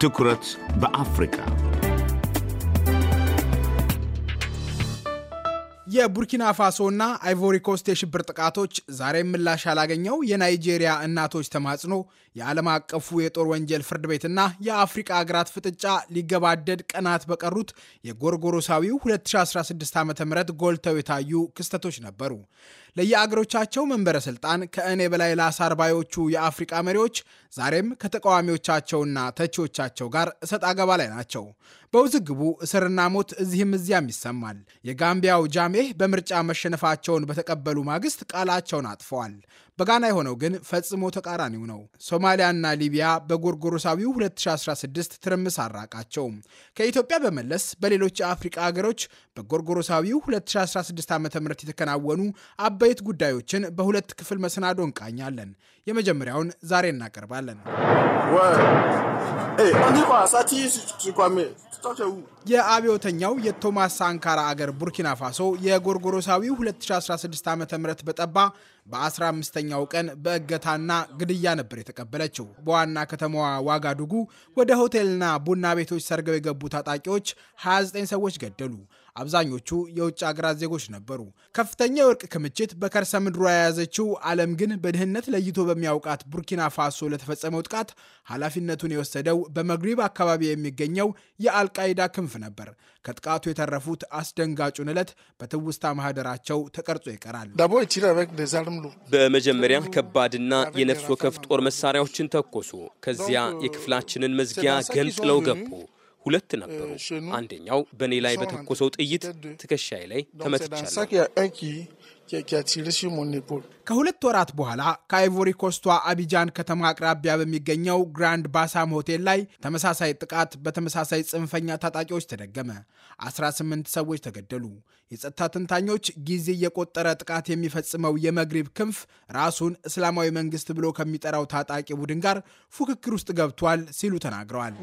ትኩረት በአፍሪካ የቡርኪና ፋሶ አይቮሪ አይቮሪኮስት የሽብር ጥቃቶች ዛሬም ምላሽ ያላገኘው የናይጄሪያ እናቶች ተማጽኖ የዓለም አቀፉ የጦር ወንጀል ፍርድ ቤትና የአፍሪቃ ሀገራት ፍጥጫ ሊገባደድ ቀናት በቀሩት የጎርጎሮሳዊው 2016 ዓ ም ጎልተው የታዩ ክስተቶች ነበሩ። ለየአገሮቻቸው መንበረ ስልጣን ከእኔ በላይ ለአሳርባዮቹ የአፍሪቃ መሪዎች ዛሬም ከተቃዋሚዎቻቸውና ተቺዎቻቸው ጋር እሰጥ አገባ ላይ ናቸው። በውዝግቡ እስርና ሞት እዚህም እዚያም ይሰማል። የጋምቢያው ጃሜህ በምርጫ መሸነፋቸውን በተቀበሉ ማግስት ቃላቸውን አጥፈዋል። በጋና የሆነው ግን ፈጽሞ ተቃራኒው ነው። ሶማሊያና ሊቢያ በጎርጎሮሳዊው 2016 ትርምስ አራቃቸውም። ከኢትዮጵያ በመለስ በሌሎች የአፍሪቃ ሀገሮች በጎርጎሮሳዊው 2016 ዓ ም የተከናወኑ አበይት ጉዳዮችን በሁለት ክፍል መሰናዶ እንቃኛለን። የመጀመሪያውን ዛሬ እናቀርባለን። የአብዮተኛው የቶማስ ሳንካራ አገር ቡርኪና ፋሶ የጎርጎሮሳዊው 2016 ዓ ም በጠባ በ15ኛው ቀን በእገታና ግድያ ነበር የተቀበለችው። በዋና ከተማዋ ዋጋዱጉ ወደ ሆቴልና ቡና ቤቶች ሰርገው የገቡ ታጣቂዎች 29 ሰዎች ገደሉ። አብዛኞቹ የውጭ አገራት ዜጎች ነበሩ። ከፍተኛ የወርቅ ክምችት በከርሰ ምድሯ የያዘችው ዓለም ግን በድህነት ለይቶ በሚያውቃት ቡርኪና ፋሶ ለተፈጸመው ጥቃት ኃላፊነቱን የወሰደው በመግሪብ አካባቢ የሚገኘው የአልቃይዳ ክንፍ ነበር። ከጥቃቱ የተረፉት አስደንጋጩን ዕለት በትውስታ ማህደራቸው ተቀርጾ ይቀራል። በመጀመሪያ ከባድና የነፍስ ወከፍ ጦር መሳሪያዎችን ተኮሱ። ከዚያ የክፍላችንን መዝጊያ ገንጥለው ገቡ። ሁለት ነበሩ። አንደኛው በእኔ ላይ በተኮሰው ጥይት ትከሻዬ ላይ ተመትቻለሁ። ከሁለት ወራት በኋላ ከአይቮሪ ኮስቷ አቢጃን ከተማ አቅራቢያ በሚገኘው ግራንድ ባሳም ሆቴል ላይ ተመሳሳይ ጥቃት በተመሳሳይ ጽንፈኛ ታጣቂዎች ተደገመ። 18 ሰዎች ተገደሉ። የጸጥታ ተንታኞች ጊዜ የቆጠረ ጥቃት የሚፈጽመው የመግሪብ ክንፍ ራሱን እስላማዊ መንግስት ብሎ ከሚጠራው ታጣቂ ቡድን ጋር ፉክክር ውስጥ ገብቷል ሲሉ ተናግረዋል።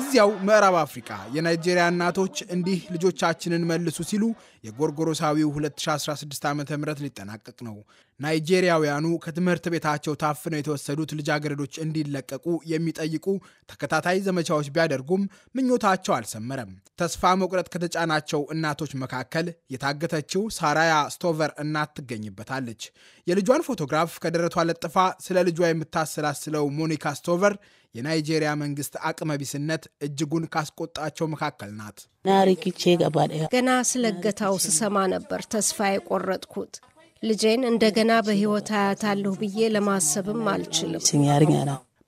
እዚያው ምዕራብ አፍሪካ የናይጄሪያን እናቶች እንዲህ ልጆቻችንን መልሱ ሲሉ የጎርጎሮሳዊው 2016 ዓ ም ሊጠናቀቅ ነው። ናይጄሪያውያኑ ከትምህርት ቤታቸው ታፍነው የተወሰዱት ልጃገረዶች እንዲለቀቁ የሚጠይቁ ተከታታይ ዘመቻዎች ቢያደርጉም ምኞታቸው አልሰመረም። ተስፋ መቁረጥ ከተጫናቸው እናቶች መካከል የታገተችው ሳራያ ስቶቨር እናት ትገኝበታለች። የልጇን ፎቶግራፍ ከደረቷ ለጥፋ ስለ ልጇ የምታሰላስለው ሞኒካ ስቶቨር የናይጄሪያ መንግስት አቅመቢስነት እጅጉን ካስቆጣቸው መካከል ናት። ገና ስለገታው ስሰማ ነበር ተስፋ የቆረጥኩት። ልጄን እንደገና በሕይወት አያታለሁ ብዬ ለማሰብም አልችልም።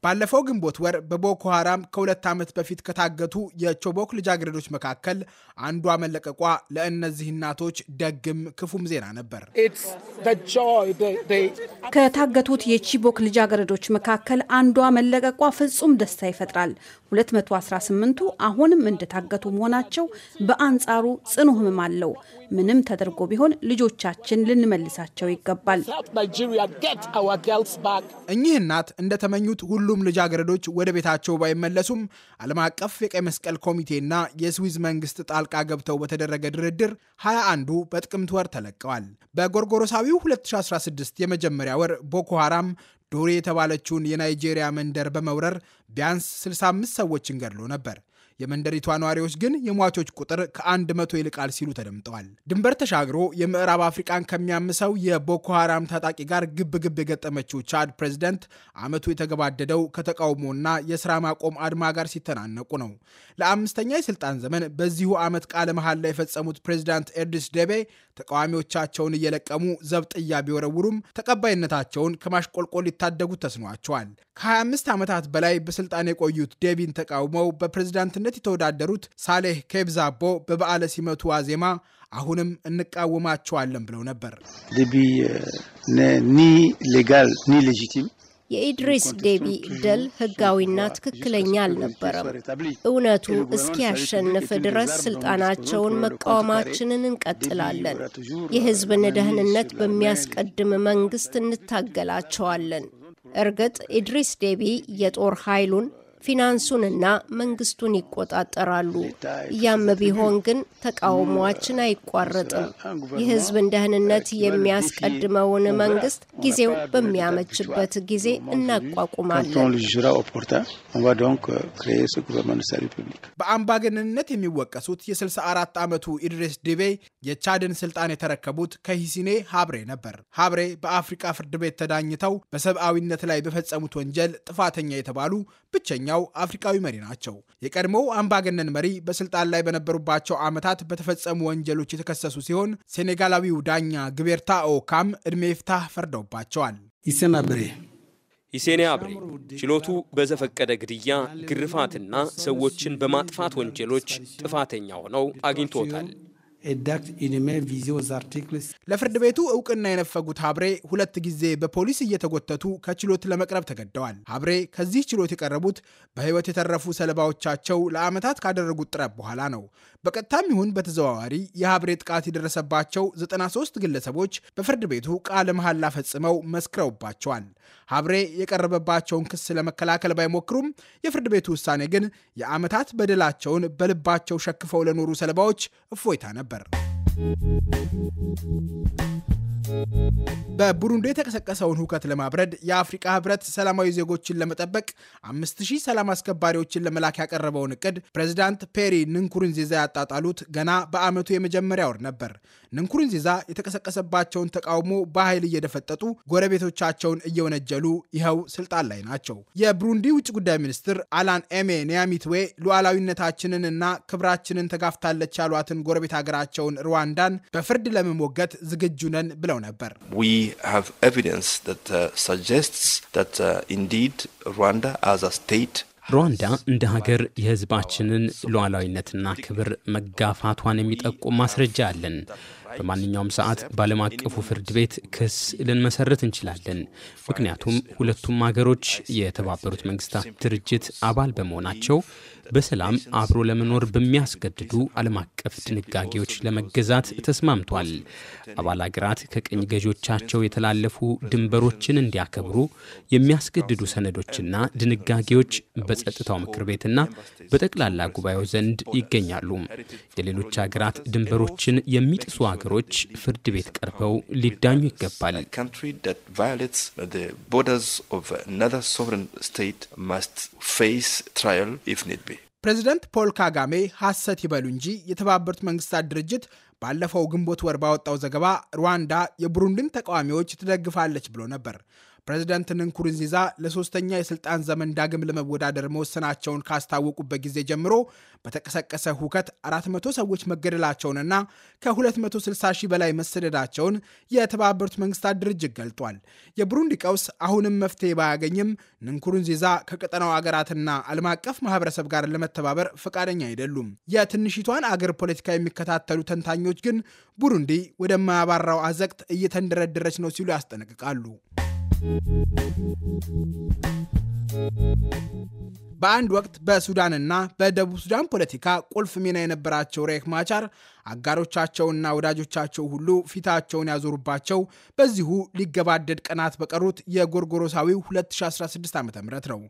ባለፈው ግንቦት ወር በቦኮ ሐራም ከሁለት ዓመት በፊት ከታገቱ የቾቦክ ልጃገረዶች መካከል አንዷ መለቀቋ ለእነዚህ እናቶች ደግም ክፉም ዜና ነበር። ከታገቱት የቺቦክ ልጃገረዶች መካከል አንዷ መለቀቋ ፍጹም ደስታ ይፈጥራል። 218ቱ አሁንም እንደታገቱ መሆናቸው በአንጻሩ ጽኑ ሕመም አለው። ምንም ተደርጎ ቢሆን ልጆቻችን ልንመልሳቸው ይገባል። እኚህ እናት እንደተመኙት ሁሉም ልጃገረዶች ወደ ቤታቸው ባይመለሱም ዓለም አቀፍ የቀይ መስቀል ኮሚቴና የስዊዝ መንግስት ጣልቃ ገብተው በተደረገ ድርድር 21ዱ በጥቅምት ወር ተለቀዋል። በጎርጎሮሳዊው 2016 የመጀመሪያ ወር ቦኮ ዶሬ የተባለችውን የናይጄሪያ መንደር በመውረር ቢያንስ 65 ሰዎችን ገድሎ ነበር። የመንደሪቷ ነዋሪዎች ግን የሟቾች ቁጥር ከአንድ መቶ ይልቃል ሲሉ ተደምጠዋል። ድንበር ተሻግሮ የምዕራብ አፍሪቃን ከሚያምሰው የቦኮ ታጣቂ ጋር ግብ ግብ የገጠመችው ቻድ ፕሬዚደንት ዓመቱ የተገባደደው ከተቃውሞና የስራ ማቆም አድማ ጋር ሲተናነቁ ነው። ለአምስተኛ የስልጣን ዘመን በዚሁ ዓመት ቃለ መሐላ የፈጸሙት ፕሬዚዳንት ኤድሪስ ደቤ ተቃዋሚዎቻቸውን እየለቀሙ ዘብጥያ ቢወረውሩም ተቀባይነታቸውን ከማሽቆልቆል ሊታደጉት ተስኗቸዋል። ከ25 ዓመታት በላይ በስልጣን የቆዩት ደቢን ተቃውመው በፕሬዚዳንትነት በእጩነት የተወዳደሩት ሳሌህ ኬብዛቦ በበዓለ ሲመቱ ዋዜማ አሁንም እንቃወማቸዋለን ብለው ነበር። ኒ ሌጋል ኒ ሌጂቲም የኢድሪስ ዴቢ ድል ህጋዊና ትክክለኛ አልነበረም። እውነቱ እስኪያሸንፍ ድረስ ስልጣናቸውን መቃወማችንን እንቀጥላለን። የህዝብን ደህንነት በሚያስቀድም መንግስት እንታገላቸዋለን። እርግጥ ኢድሪስ ዴቢ የጦር ኃይሉን ፊናንሱንና መንግስቱን ይቆጣጠራሉ። ያም ቢሆን ግን ተቃውሟችን አይቋረጥም። የህዝብን ደህንነት የሚያስቀድመውን መንግስት ጊዜው በሚያመችበት ጊዜ እናቋቁማለን። በአምባገነንነት የሚወቀሱት የ64 ዓመቱ ኢድሪስ ዲቤ የቻድን ስልጣን የተረከቡት ከሂሲኔ ሀብሬ ነበር። ሀብሬ በአፍሪቃ ፍርድ ቤት ተዳኝተው በሰብአዊነት ላይ በፈጸሙት ወንጀል ጥፋተኛ የተባሉ ብቸኛው አፍሪካዊ መሪ ናቸው። የቀድሞው አምባገነን መሪ በስልጣን ላይ በነበሩባቸው ዓመታት በተፈጸሙ ወንጀሎች የተከሰሱ ሲሆን ሴኔጋላዊው ዳኛ ግቤርታ ኦካም ዕድሜ ይፍታህ ፈርደውባቸዋል። ይሰናብሬ አብሬ ችሎቱ በዘፈቀደ ግድያ፣ ግርፋትና ሰዎችን በማጥፋት ወንጀሎች ጥፋተኛ ሆነው አግኝቶታል። ለፍርድ ቤቱ እውቅና የነፈጉት ሀብሬ ሁለት ጊዜ በፖሊስ እየተጎተቱ ከችሎት ለመቅረብ ተገደዋል። ሀብሬ ከዚህ ችሎት የቀረቡት በሕይወት የተረፉ ሰለባዎቻቸው ለዓመታት ካደረጉት ጥረት በኋላ ነው። በቀጥታም ይሁን በተዘዋዋሪ የሀብሬ ጥቃት የደረሰባቸው 93 ግለሰቦች በፍርድ ቤቱ ቃለ መሐላ ፈጽመው መስክረውባቸዋል። ሀብሬ የቀረበባቸውን ክስ ለመከላከል ባይሞክሩም የፍርድ ቤቱ ውሳኔ ግን የዓመታት በደላቸውን በልባቸው ሸክፈው ለኖሩ ሰለባዎች እፎይታ ነበር። በቡሩንዲ የተቀሰቀሰውን ሁከት ለማብረድ የአፍሪቃ ህብረት ሰላማዊ ዜጎችን ለመጠበቅ 5000 ሰላም አስከባሪዎችን ለመላክ ያቀረበውን እቅድ ፕሬዚዳንት ፔሪ ንንኩሩንዚዛ ያጣጣሉት ገና በአመቱ የመጀመሪያ ወር ነበር። ንንኩሩንዚዛ የተቀሰቀሰባቸውን ተቃውሞ በኃይል እየደፈጠጡ ጎረቤቶቻቸውን እየወነጀሉ ይኸው ስልጣን ላይ ናቸው። የቡሩንዲ ውጭ ጉዳይ ሚኒስትር አላን ኤሜ ኒያሚትዌ ሉዓላዊነታችንን ክብራችንን ተጋፍታለች ያሏትን ጎረቤት ሀገራቸውን ሩዋንዳን በፍርድ ለመሞገት ዝግጁ ነን ብለው ብለው ነበር። uh, uh, ሩዋንዳ እንደ ሀገር የሕዝባችንን ሉዓላዊነትና ክብር መጋፋቷን የሚጠቁም ማስረጃ አለን። በማንኛውም ሰዓት በዓለም አቀፉ ፍርድ ቤት ክስ ልንመሰርት እንችላለን። ምክንያቱም ሁለቱም ሀገሮች የተባበሩት መንግስታት ድርጅት አባል በመሆናቸው በሰላም አብሮ ለመኖር በሚያስገድዱ ዓለም አቀፍ ድንጋጌዎች ለመገዛት ተስማምቷል። አባል አገራት ከቅኝ ገዢዎቻቸው የተላለፉ ድንበሮችን እንዲያከብሩ የሚያስገድዱ ሰነዶችና ድንጋጌዎች በጸጥታው ምክር ቤትና በጠቅላላ ጉባኤው ዘንድ ይገኛሉ። የሌሎች ሀገራት ድንበሮችን የሚጥሱ አገሮች ፍርድ ቤት ቀርበው ሊዳኙ ይገባል። ሶቨረን ስቴት ማስት ፌስ ትራያል ኢፍ ኒድ ቢ ፕሬዚደንት ፖል ካጋሜ ሐሰት ይበሉ እንጂ የተባበሩት መንግስታት ድርጅት ባለፈው ግንቦት ወር ባወጣው ዘገባ ሩዋንዳ የቡሩንድን ተቃዋሚዎች ትደግፋለች ብሎ ነበር። ፕሬዚደንት ንንኩሩንዚዛ ለሶስተኛ የስልጣን ዘመን ዳግም ለመወዳደር መወሰናቸውን ካስታወቁበት ጊዜ ጀምሮ በተቀሰቀሰ ሁከት 400 ሰዎች መገደላቸውንና ከ260 ሺህ በላይ መሰደዳቸውን የተባበሩት መንግስታት ድርጅት ገልጧል። የብሩንዲ ቀውስ አሁንም መፍትሄ ባያገኝም ንንኩሩንዚዛ ከቀጠናው አገራትና ዓለም አቀፍ ማህበረሰብ ጋር ለመተባበር ፈቃደኛ አይደሉም። የትንሽቷን አገር ፖለቲካ የሚከታተሉ ተንታኞች ግን ቡሩንዲ ወደማያባራው አዘቅት እየተንደረደረች ነው ሲሉ ያስጠነቅቃሉ። በአንድ ወቅት በሱዳንና በደቡብ ሱዳን ፖለቲካ ቁልፍ ሚና የነበራቸው ሬክ ማቻር አጋሮቻቸውና ወዳጆቻቸው ሁሉ ፊታቸውን ያዞሩባቸው በዚሁ ሊገባደድ ቀናት በቀሩት የጎርጎሮሳዊው 2016 ዓ ም ነው።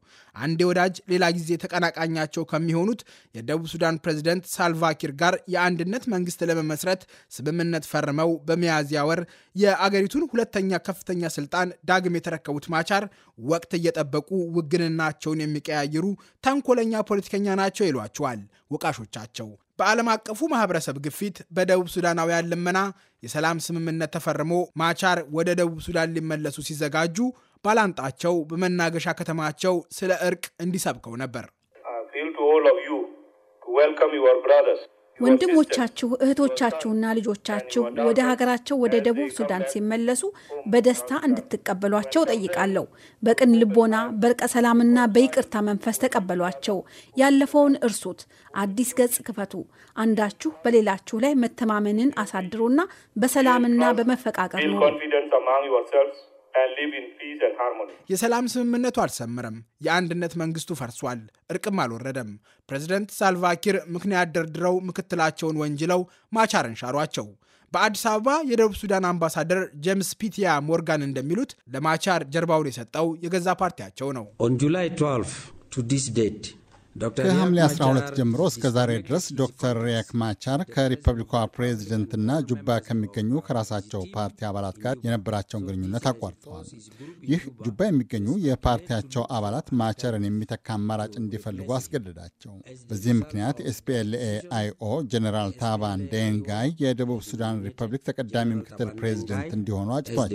አንዴ ወዳጅ ሌላ ጊዜ ተቀናቃኛቸው ከሚሆኑት የደቡብ ሱዳን ፕሬዝደንት ሳልቫኪር ጋር የአንድነት መንግስት ለመመስረት ስምምነት ፈርመው በሚያዝያ ወር የአገሪቱን ሁለተኛ ከፍተኛ ስልጣን ዳግም የተረከቡት ማቻር ወቅት እየጠበቁ ውግንናቸውን የሚቀያይሩ ተንኮለኛ ፖለቲከኛ ናቸው ይሏቸዋል ወቃሾቻቸው። በዓለም አቀፉ ማህበረሰብ ግፊት በደቡብ ሱዳናውያን ልመና የሰላም ስምምነት ተፈርሞ ማቻር ወደ ደቡብ ሱዳን ሊመለሱ ሲዘጋጁ ባላንጣቸው በመናገሻ ከተማቸው ስለ እርቅ እንዲሰብከው ነበር። ወንድሞቻችሁ እህቶቻችሁና ልጆቻችሁ ወደ ሀገራቸው ወደ ደቡብ ሱዳን ሲመለሱ በደስታ እንድትቀበሏቸው ጠይቃለሁ። በቅን ልቦና በርቀ ሰላምና በይቅርታ መንፈስ ተቀበሏቸው። ያለፈውን እርሱት፣ አዲስ ገጽ ክፈቱ። አንዳችሁ በሌላችሁ ላይ መተማመንን አሳድሩና በሰላምና በመፈቃቀር ነው። የሰላም ስምምነቱ አልሰምርም። የአንድነት መንግስቱ ፈርሷል። እርቅም አልወረደም። ፕሬዝደንት ሳልቫኪር ምክንያት ደርድረው ምክትላቸውን ወንጅለው ማቻርን ሻሯቸው። በአዲስ አበባ የደቡብ ሱዳን አምባሳደር ጄምስ ፒቲያ ሞርጋን እንደሚሉት ለማቻር ጀርባውን የሰጠው የገዛ ፓርቲያቸው ነው። ኦን ጁላይ 12 ቱ ዲስ ዴት ከሐምሌ 12 ጀምሮ እስከ ዛሬ ድረስ ዶክተር ሪያክ ማቻር ከሪፐብሊኳ ፕሬዚደንትና ጁባ ከሚገኙ ከራሳቸው ፓርቲ አባላት ጋር የነበራቸውን ግንኙነት አቋርጠዋል። ይህ ጁባ የሚገኙ የፓርቲያቸው አባላት ማቻርን የሚተካ አማራጭ እንዲፈልጉ አስገደዳቸው። በዚህ ምክንያት ኤስፒኤልኤ አይኦ ጀኔራል ታባን ደንጋይ የደቡብ ሱዳን ሪፐብሊክ ተቀዳሚ ምክትል ፕሬዚደንት እንዲሆኑ አጭቷቸው።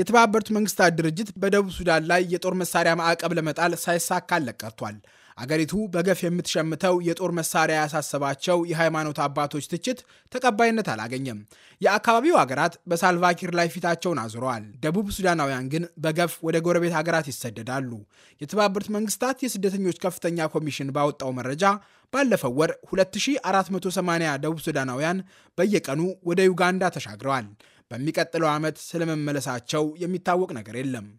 የተባበሩት መንግስታት ድርጅት በደቡብ ሱዳን ላይ የጦር መሳሪያ ማዕቀብ ለመጣ መጣል ሳይሳካለት ቀርቷል። አገሪቱ በገፍ የምትሸምተው የጦር መሳሪያ ያሳሰባቸው የሃይማኖት አባቶች ትችት ተቀባይነት አላገኘም። የአካባቢው ሀገራት በሳልቫኪር ላይ ፊታቸውን አዙረዋል። ደቡብ ሱዳናውያን ግን በገፍ ወደ ጎረቤት ሀገራት ይሰደዳሉ። የተባበሩት መንግስታት የስደተኞች ከፍተኛ ኮሚሽን ባወጣው መረጃ ባለፈው ወር 2480 ደቡብ ሱዳናውያን በየቀኑ ወደ ዩጋንዳ ተሻግረዋል። በሚቀጥለው ዓመት ስለመመለሳቸው የሚታወቅ ነገር የለም።